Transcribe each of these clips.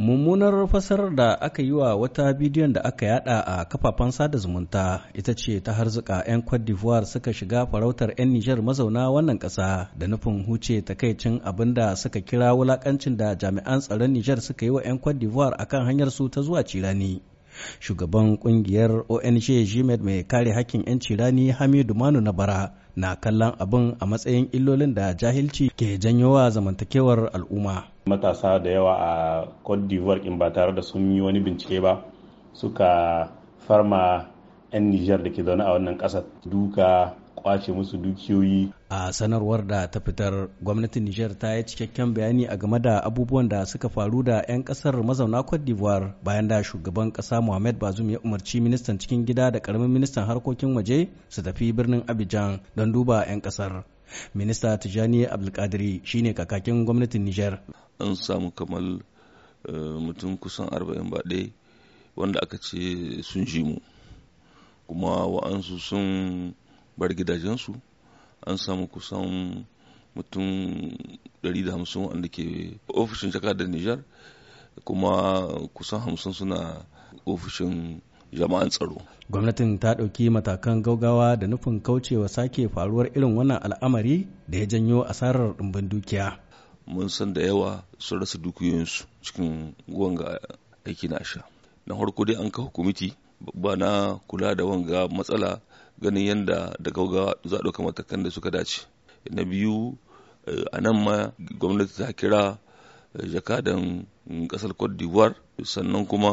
mummunar fasarar da aka yi wa wata bidiyon da aka yada a kafafen sada zumunta ita ce ta harzuka 'yan cote d'ivoire suka shiga farautar 'yan nijar mazauna wannan ƙasa da nufin huce takaicin abin da suka kira wulakancin da jami'an tsaron nijar suka yi wa 'yan cote d'ivoire kan hanyar su ta zuwa cirani shugaban kungiyar ong jimet mai kare hakkin 'yan cirani hamidu manu na bara na kallon abin a matsayin illolin da jahilci ke janyowa zamantakewar al'umma matasa da yawa a cote d'ivoire in ba tare da sun yi wani bincike ba suka farma 'yan nijar da ke zaune a wannan ƙasar duka kwace musu dukiyoyi a sanarwar da ta fitar gwamnatin nijar ta yi cikakken bayani a game da abubuwan da suka faru da 'yan kasar mazauna cote d'ivoire bayan da shugaban ƙasa mohamed bazoum ya umarci ministan cikin gida da karamin ministan harkokin waje su tafi birnin abidjan don duba 'yan ƙasar. minista tijani abdulkadiri shine kakakin gwamnatin niger an samu kamar eh, mutum kusan 40 baɗe wanda aka ce sun ji mu kuma wa'ansu sun bar gidajensu an samu kusan mutum 150 wanda ke ofishin jakadar niger kuma kusan 50 suna ofishin jama'an tsaro gwamnatin ta ɗauki matakan gaugawa da nufin kaucewa sake faruwar irin wannan al'amari da ya janyo asarar ɗumbin dukiya mun san da yawa sun rasa dukiyoyinsu cikin wanga aiki na sha na farko dai an ka hukumiti babba na kula da wanga matsala ganin yadda da gaugawa za a ɗauka matakan da suka dace na biyu eh, a nan ma gwamnati ta kira jakadan kasar cote d'ivoire sannan kuma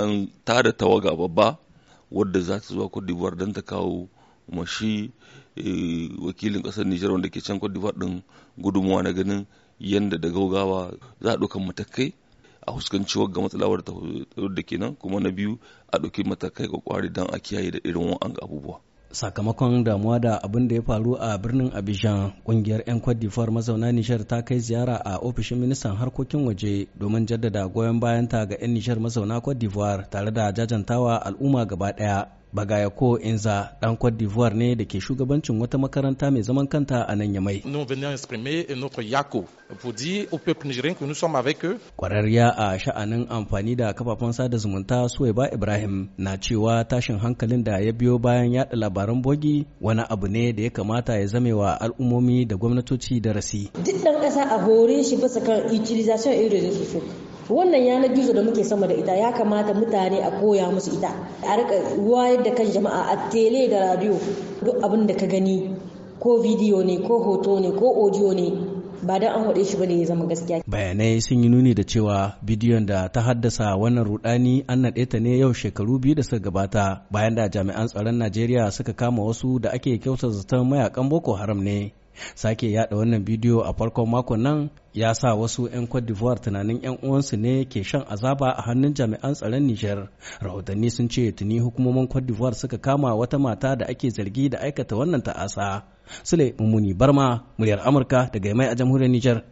an tada tawaga babba wadda za ta zuwa cote d'ivoire don ta kawo mashi eh, wakilin kasar nijar wanda ke can cote d'ivoire din gudunmuwa na ganin yadda da gaugawa za a ɗaukan matakai a fuskanci matsala matsalawar da nan kuma na biyu a ɗauki matakai kwakwari don a kiyaye da irin abubuwa sakamakon damuwa da abin da ya faru a birnin abidjan kungiyar 'yan d'Ivoire mazauna nishar ta kai ziyara a ofishin ministan harkokin waje domin jaddada goyon bayanta ga 'yan nishar mazauna d'Ivoire tare da jajantawa al'umma gaba daya Bagayako Inza ɗan Cote d'Ivoire ne da ke shugabancin wata makaranta mai zaman kanta a nan Yamai. Kwararriya a sha'anin amfani da kafafen sada zumunta Suwaiba Ibrahim na cewa tashin hankalin da ya biyo bayan yada labaran bogi wani abu ne da ya kamata ya zame wa al'ummomi da gwamnatoci darasi. Duk ɗan ƙasa a hore shi bisa kan utilization irin wannan yanar gizo da muke sama da ita ya kamata mutane a koya musu ita a rika wayar da kan jama'a a tele da radio duk abin da ka gani ko bidiyo ne ko hoto ne ko audio ne ba da an haɗe shi ba ne ya zama gaskiya. Bayanai sun yi nuni da cewa bidiyon da ta haddasa wannan rudani an naɗe ta ne yau shekaru biyu da suka gabata bayan da jami'an tsaron Najeriya suka kama wasu da ake kyautar zaton mayakan Boko Haram ne. sake yada wannan bidiyo a farkon makon nan ya sa wasu 'yan Cote d'Ivoire tunanin 'yan uwansu ne ke shan azaba a hannun jami'an tsaron Nijar. Rahotanni sun ce tuni hukumomin Cote d'Ivoire suka kama wata mata da ake zargi da aikata wannan ta'asa. Sule Mummuni Barma, muryar Amurka daga mai a jamhuriyar Nijar.